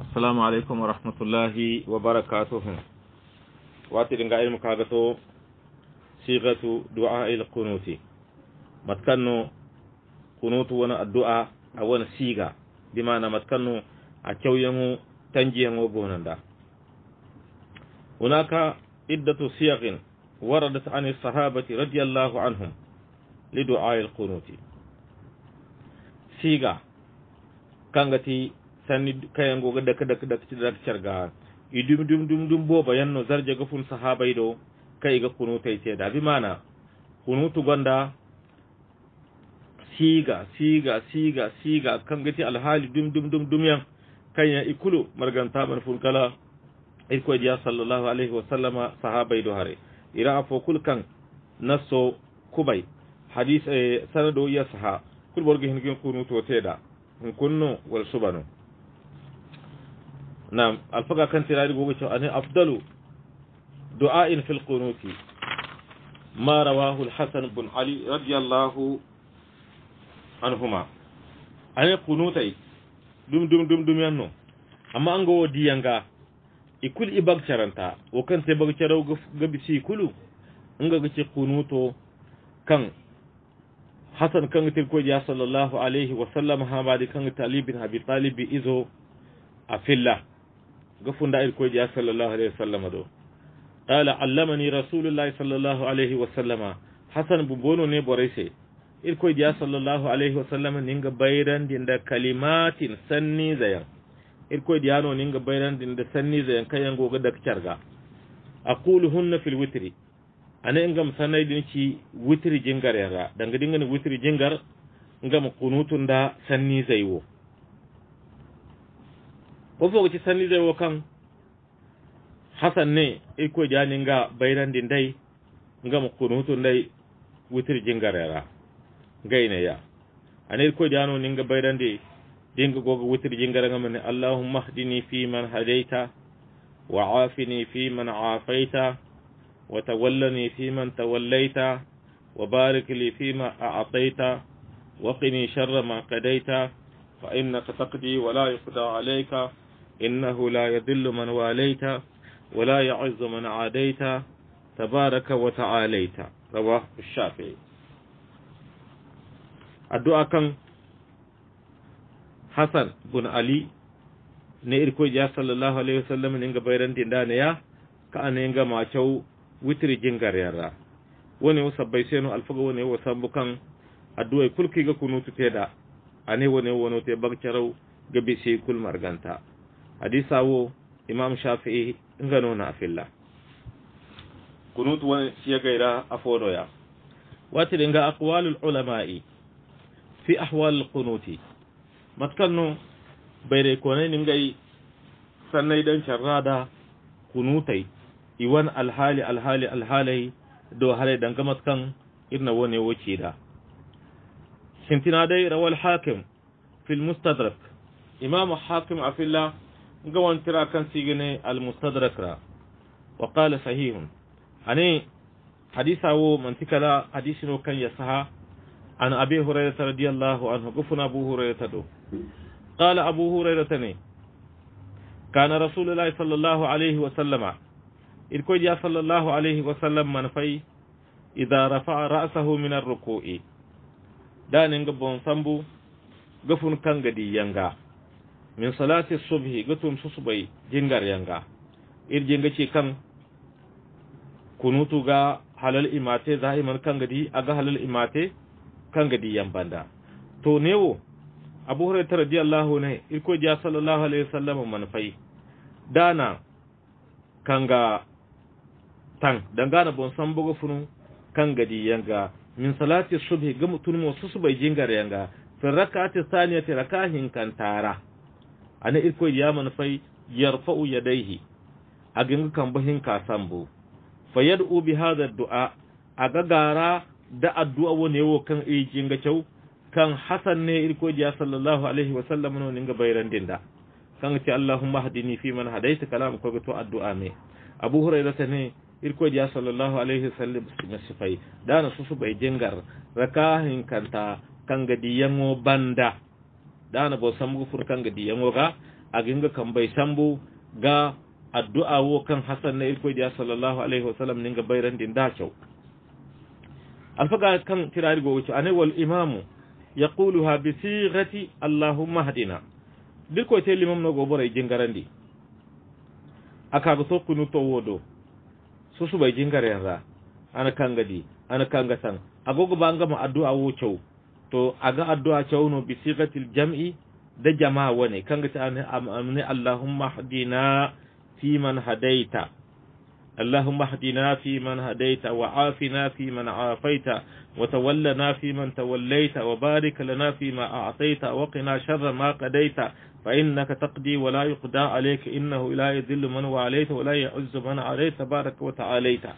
assalamu alaikum wa rahmatullahi wa barakatuhun wati dinga ilmu kagato sigatu du'a il kunuti matkanu kunutu wana addu'a a wani siga bimana matkanu a kyauyanmu tanjiyanmu gonanda hunaka iddatu siyaqin waradat an sahabati radiyallahu anhum li du'a il kunuti siga kangati sanni kayango ga daka daka daka daka carga idum dum dum dum bo no zarje ga fun sahabai do kai ga kunu ce da bi mana kunu tu gonda siga siga siga siga kan gati alhali dum dum dum dum yan kan ya ikulu marganta ban fun kala ko ya sallallahu alaihi wa sallama sahabai do hare ira afo kul kan naso kubai hadis eh, sanado ya saha kul borgo hin kin kunu to teda hun kunno wal subanu na alfaga kan tirari gobe cewa anin afdalu du'a'in fil qunuti ma rawahu al-hasan bin ali radiyallahu anhuma anin qunutai dum dum dum dum yanno amma an ga wodi yanga ikul ibag charanta o kan te bag charau ga bisi kulu nga ga ci qunuto kan hasan kan til ko ya sallallahu alaihi wa sallam ha ba di kan talibin abi talibi izo a afilla gafunda ir koyji ya sallallahu alaihi wasallam do qala allamani rasulullahi sallallahu alaihi wasallama hasan bubono ne borese ir koyji ya sallallahu alaihi wasallam ninga bayrandinda kalimatin sanni zayan ir koyji yano ninga dinda sanni zayan kayango ga aqulu hunna fil witri ana ingam sanai ci witri jingar yara danga dinga ni witri jingar ngam kunutun da sanni zaiwo fofogoti sannidere wo kan hasan ne iko jani nga dai nday mu kunutu dai wutir jingarera gayne ya anir ko jano ninga bayrandi dinga goga wutir jingara ngama ne allahumma hdini fi man hadaita wa afini fi man afaita wa tawallani fi man tawallaita wa barik li fi ma a'taita wa qini sharra ma qadaita fa innaka taqdi wa la yuqda alayka إنه لا يذل من واليت ولا يعز من عاديت تبارك وتعاليت رواه الشافعي addu'a kan Hassan bin Ali ne irko ya sallallahu alaihi wasallam ne ga bayran dinda ne ya ka an ne ga macau witri jingar yara wani wasa bai sai no alfaga wani wasa bukan addu'a kulki ga kunutu te da ane wani wani te bancarau ga bi sai kul marganta wo imam shafi'i ngano na afilla kunut wani siya gaira a ya wati dinga akwalul ulama'i fi ahwal kunuti matkanno bai dai kone ningai sannai dan sharrada kunutai iwan alhali alhali alhali do hare danga matkan irna wani wuce da shintina dai rawal hakim fil mustadrak imam hakim afilla نقوان ترى كان سيغني المستدرك را وقال صحيح أني حديث أو منطقة لا حديث نو كان يسها عن أبي هريرة رضي الله عنه قفنا أبو هريرة دو قال أبو هريرة ني كان رسول الله صلى الله عليه وسلم إلكويد يا صلى الله عليه وسلم من في إذا رفع رأسه من الركوع دانين قبون سمبو قفن كان قدي ينقى min salati subhi gatum su subai jingar yanga ir jinga ce kan kunutu ga halal imate zahiman kan gadi aga halal imate kan gadi yan banda to newo abu hurairah radiyallahu anhu irko ja sallallahu alaihi wasallam manfai dana kanga tan dangana bon san bugo funu kan gadi yanga min salati subhi ga mutun mo su subai jingar yanga fi rak'ati thaniyati rakahin kantara ana iko ya manfai yarfa'u yadaihi agin kan bahin kasan bu yad'u bi hadha du'a aga gara da addu'a wone wo kan ejin ga chau kan hasan ne iko ya sallallahu alaihi wa sallam no ninga bayran dinda kan ce allahumma hadini fi man hadaita kalam ko to addu'a me abu hurairah ne iko ya sallallahu alaihi wasallam sifai dana susu bai jingar rakahin kanta kan yango banda dana bo sambu furkan ga diyan woga ginga kan bai sambu ga addu'a wo kan hasan na ilko diya sallallahu alaihi wasallam ninga bayran din da kyau alfaga kan tirari go wuce anai wal imamu yaquluha bi sighati allahumma hadina ko te limam no go boray jingarandi aka sokku sokunu to wodo susu bai jingare yanzu ana kangadi ana kangasan agogo banga mu addu'a wo chau to a ga addu’a ta wuno bi sigatil jam’i da jama’a wani kan ga ta amini Allahumma hadina fi man hadaita Allahumma hadina fi man hadaita wa afina fi man afaita wa tawallana fi man tawallaita wa barika lana fi ma a'taita wa qina sharra ma qadaita fa innaka taqdi wa la yuqda alayka innahu la yadhillu man wa alayta wa la yu'izzu man alayta baraka wa ta'alayta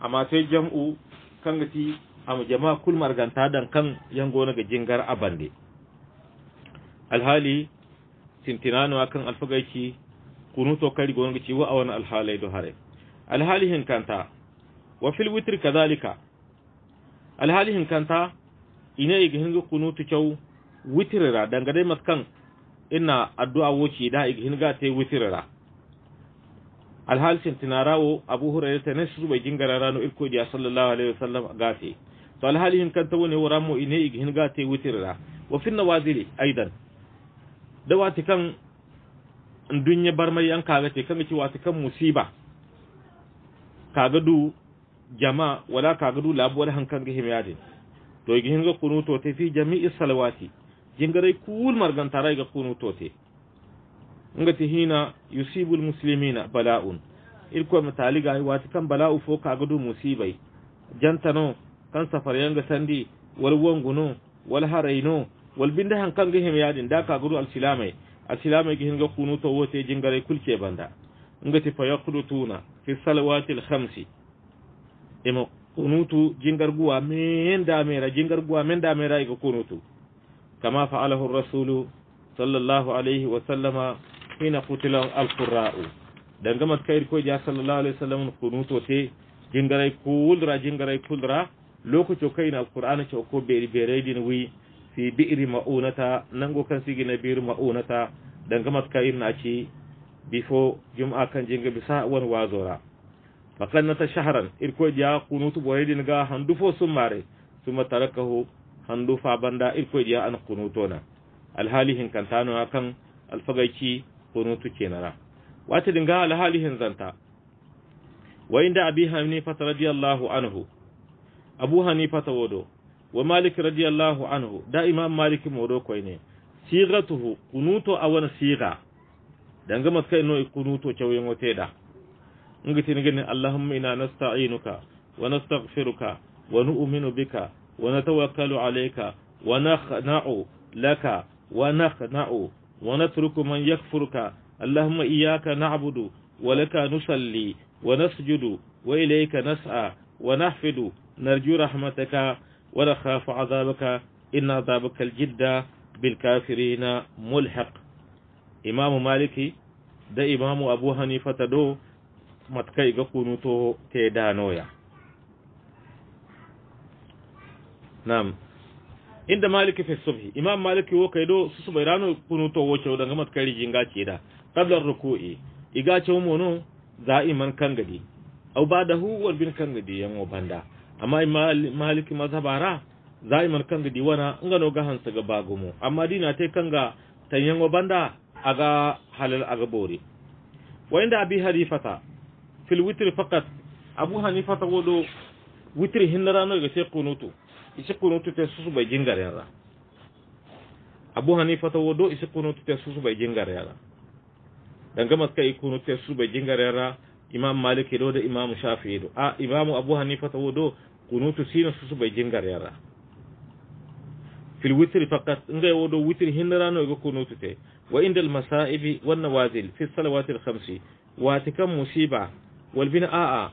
amma sai jam'u kan gati am jama'a kul marganta dan kan yango na jingar abande alhali tintinano akan alfagaiki kunuto kari gonga gici wa awana alhalai do hare alhali hinkanta wa fil witr kadhalika alhali hinkanta ina yi hinga kunuto chau witrira dangade maskan ina addu'a woci da yi hinga te witrira alhali tintinarawo abu hurairah ta nasu bai jingara rano irko diya sallallahu alaihi wasallam gate to alhali hin kan wara waramo ine ig hin ga te wutirra wa fi nawazili aidan da wati kan dunya barmai an kaga te kan ci wati kan musiba kaga du jama wala kaga du labuwar hankan ga himyade to ig hin ga kunu to te fi jami'i salawati jingarai kul margantara ga kunu to te ngati hina yusibul muslimina bala'un irko matali ga wati kan bala'u fo kaga du musibai jantano kan safar yanga sandi wal wanguno wal haraino wal binda han kan gihim yadin da ka guru al silamai al silamai gihin ga kunu to wote jingare kulke banda ngati fa yaqdutuna fi salawati al khamsi imo kunutu jingar guwa men da mera jingar guwa men da mera ga kunutu kama fa'alahu ar rasul sallallahu alaihi wa sallama hina qutila al-qurra'u dan gamat kair ko ja sallallahu alaihi wasallam kunuto te jingare kulra jingare kulra kai na alqur'ana ce ko ɓeeri din wi fi bi'ri ma'unata go kan sigi na bi'ri ma'unata dangamat ka na ci bifo jum'a kan jinga bisa wan wazora faqannata shahran irko diya kunutu din ga handu fo mare suma tarakahu handu fa banda irko ya an kunutona kan hinkantano akan alfagaici kunutu kenara wata dinga alhali zanta. wa inda abi hamni fata radiyallahu anhu abu hanifa ta wado wa malik radiyallahu anhu da imam malik modo koy ne sigatuhu kunuto awana siga danga maskai no kunuto cewen wote da ngati ni gani allahumma inna nasta'inuka wa nastaghfiruka wa nu'minu bika wa natawakkalu alayka wa nakhna'u laka wa nakhna'u wa natruku man yakfuruka allahumma iyyaka na'budu wa laka nusalli wa nasjudu wa ilayka nas'a wa nahfidu نرجو رحمتك ونخاف عذابك إن عذابك الجد بالكافرين ملحق إمام مالكي ده إمام أبو حنيفة دو متكي قنوتو تيدانويا نعم inda maliki fi subhi imam maliki wo kaido su su bai rano kunuto wace daga matkari jinga ce da qablar ruku'i iga ce mono za'iman kangadi au badahu wal bin kangadi yan banda amma maliki yi zaiman kanga diwana gano ga hansa ga bagumu amma dina te kanga tanyan banda a ga halal ga bori wa da abi fata fil witr fakat abu hanifata wodo witr hinara ranar ga sai kunutu isi kunutu ta susu bai jingar yara abu hanifata wodo isi kunutu ta susu bai jingar yara dan ga maska ikunutu ta susu bai jingar yara imam malik do da imam shafi'i do a imam abu hanifa tawo do kunutu sino susu bai jingar yara fil witr faqat inga wodo witr hinra no go kunutu te wa indal masaibi wan nawazil fi salawati al khamsi wa tikam musiba wal aa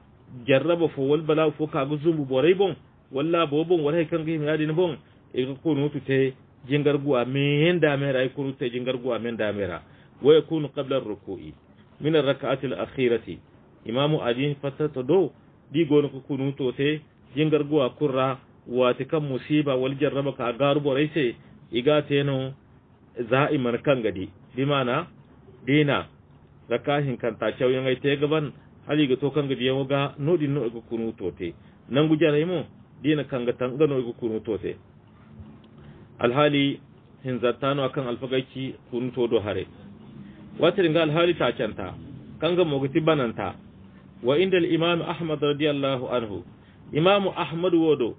jarraba fu wal bala fu ka go zumbu boray bon walla bobon wala kan gi ngadi ni bon e go kunutu te jingar guwa men da mera e kunutu te jingar guwa men da mera wa yakunu qabla ar ruku'i min ar rak'ati al akhirati imamu ajin ta do digo ko kunu to te jingar garguwa kurra ta kan musiba wal jarraba ka garu borai se iga teno za'iman kan gadi bi mana dina rakahin kan ta cewa yangai te gaban hali ga to kan gadi yawo ga nodi no ko kunu to te nan rai mu dina kan ga ga no ko kunu to te alhali hinzattano akan alfagaki kunu to do hare wata ringa alhali ta canta kan ga mogati bananta wa inda al-imam ahmad radiyallahu anhu imam ahmad wodo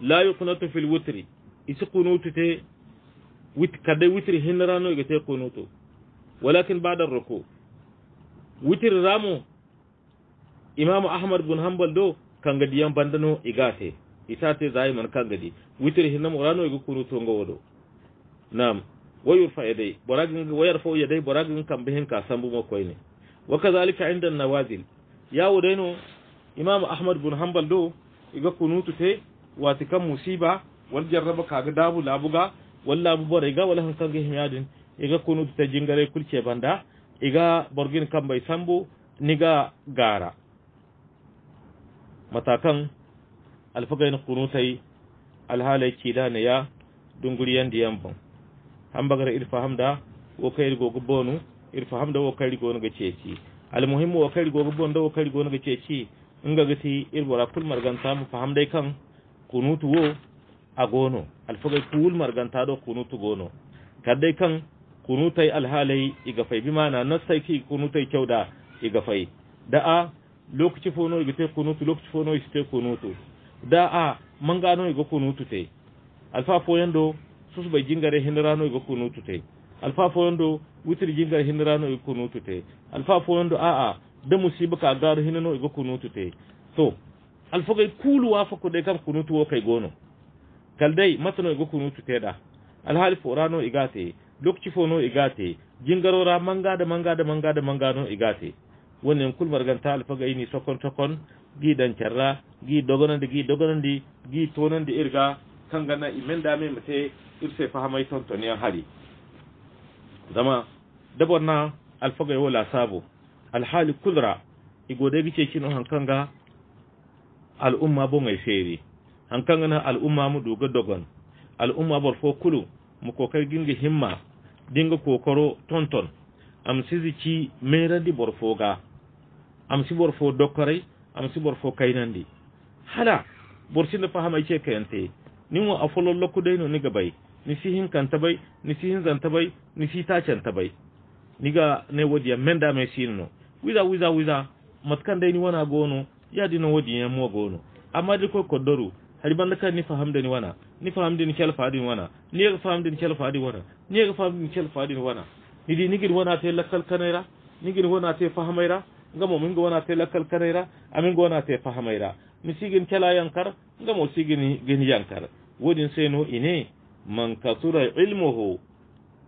la yuqnatu fil witri isi qunutu te wit kade witri hinrano te qunutu walakin ba'da ar-ruku witr ramu imam ahmad bin hanbal do kanga yan bandano igate isate zai man kanga di witr hinamo rano igu qunutu wodo. nam wayurfa yadai boragin wayarfa yadai boragin kan bihin kasan bu ne wa kazalika inda nawazil yawo deno imamu ahmad bin hanbal do iga kunutu te wati kan musiba wal jarraba kaga dabu labuga wal labu bore ga wala hankan ga himyadin iga kunutu te jingare kulce banda iga borgin kan bai sambu niga gara matakan alfagain kunutai alhalai kidana ya dunguriyan diyan ban hambagar irfa hamda wo kai rigo gubonu irfa hamda wo kai rigo ga ceci Almuhimu wa kari gogo bonda wa kari gono gace ci inga gati irbora kul marganta mu faham dai kan kunutu wo a gono alfagai kul marganta do kunutu gono kadai kan kunutai alhalai igafai fai bi mana nasai ki kunutai kyauda igafai fai da a lokaci fono iga te kunutu lokaci fono iga te kunutu da a man gano iga kunutu te alfafo yando sus bai jingare hinrano iga kunutu te alfafo yando witir jinga hinira no nutu tute alfa fondo a a da musiba ka garu hinino igo kunutu tute to alfa kai kulu wa fako de kam kunutu tuwo kai gono kaldai matano igo kunutu tute da alhali forano igate lokaci fono igate jingarora manga da manga da manga da manga no igate wannan kulmar ganta alfa ga ini sokon tokon gi dan charra gi dogonandi gi dogonandi gi tonandi irga kangana imenda me mate irse fahamai tontoniyan hari zama d' abord na alfago yo e wola saabu alhaali kulra i e goode bi ceecin o hankanga al umma bo ngay feeri hankanga na al umma mu duga dogon al umma bor fo kulu mu kokay ginge himma dinga kokoro tonton am sisi ci meyrandi bor fo ga am si bor fo dokkoray am si bor fo kaynandi hala bor sinde fa hamay ceekayante ni mo a folo lokkudeyno ni ga bay ni sihin kantabay ni sihin zantabay ni sitacantabay niga ne wodi menda me sinno wiza wiza wiza matkan dai ni wana gono ya dina wodi yan mo gono amma di ko kodoru hari banda kan ni faham da ni wana ni faham da ni kel fadin wana ni ga faham da ni kel fadin wana ni ga faham da ni kel fadin wana ni di nigir wana te lakal kanaira nigir wana te fahamaira ngamo min ga wana te lakal kanaira amin ga wana te fahamaira mi sigin kala yankar ngamo sigin gin yankar wodin seno ine man kasura ilmuhu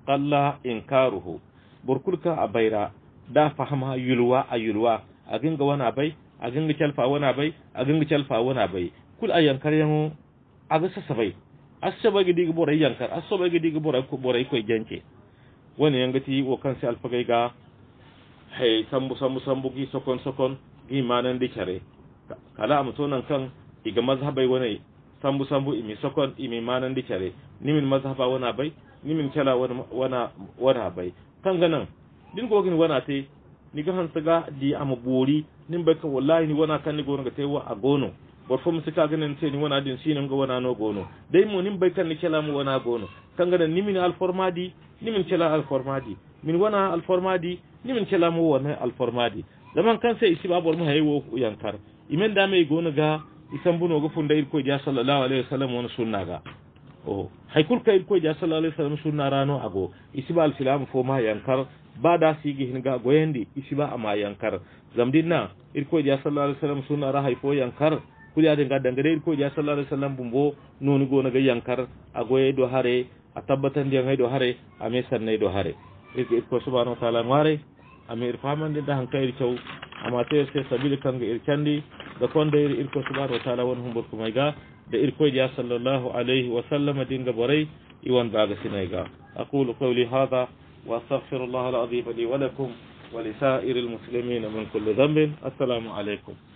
qalla inkaruhu burkulka a baira da fahama yulwa a yulwa a ginga wana bai a ginga calfa wana bai a ginga calfa wana bai kul a yankar yan a ga sassa bai asa bai gidi gibora yankar asa bai gidi gibora ko bora ko janke wani yangati wo kan sai gai ga hay sambu sambu sambu gi sokon sokon gi manan kare kala am tonan kan iga mazhabai wani sambu sambu imi sokon imi manan kare nimin mazhaba wana bai nimin kala wana wana wana bai kanga nan din ko gin wana te ni ga hansa ga di am gori nin bai wallahi ni wana kan ni gono ga wa a gono bor fo musika ga nan te ni wana din sinin ga wana no gono dai mo nin bai ni kela mu wana gono kanga nan ni min al formadi ni min kela al formadi min wana al formadi ni min kela mu wana al formadi zaman kan sai isi babor mu hayo yankar imen da mai gono ga isan buno ga funda irko ya sallallahu alaihi wasallam wani sunna ga o hay kul il ko ja sallallahu alaihi wasallam sunna rano ago isiba al alsilamu fo ma yankar ba da sigi ga goyendi isiba ama yankar zamdinna ir ko ja sallallahu alaihi wasallam sunna ra hay fo yankar kulyade ga dangare il koyja sallah alah w sallam bumbo na ga yankar ago e do hare atabbatan tabbatar ngai do hare a mai sannai do hare irka ko subhanahu wa ta'ala mare a faman de da hanka irkau a mata yau sai sabili kan ga irkandi da kon de ir ko subhanahu wa ta'ala wani humbar kuma ga لإركويديا صلى الله عليه وسلم دينغ بري إيوان باغ سنيغا أقول قولي هذا وأستغفر الله العظيم لي ولكم ولسائر المسلمين من كل ذنب السلام عليكم